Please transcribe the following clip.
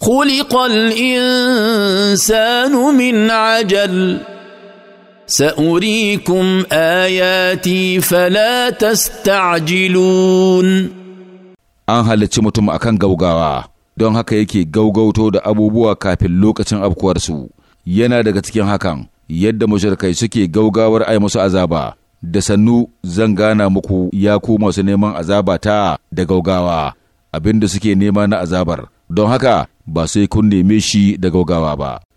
خلق الانسان من عجل ساريكم اياتي فلا تستعجلون an halicci mutum akan gaugawa don haka yake gaugauto da abubuwa kafin lokacin afkuwarsu yana daga cikin hakan yadda mushrikai suke gaugawar ai musu azaba da sannu zan gana muku ya ku masu neman azaba ta da gaugawa abinda suke nema na azabar don haka ba sai kun neme shi da gaugawa ba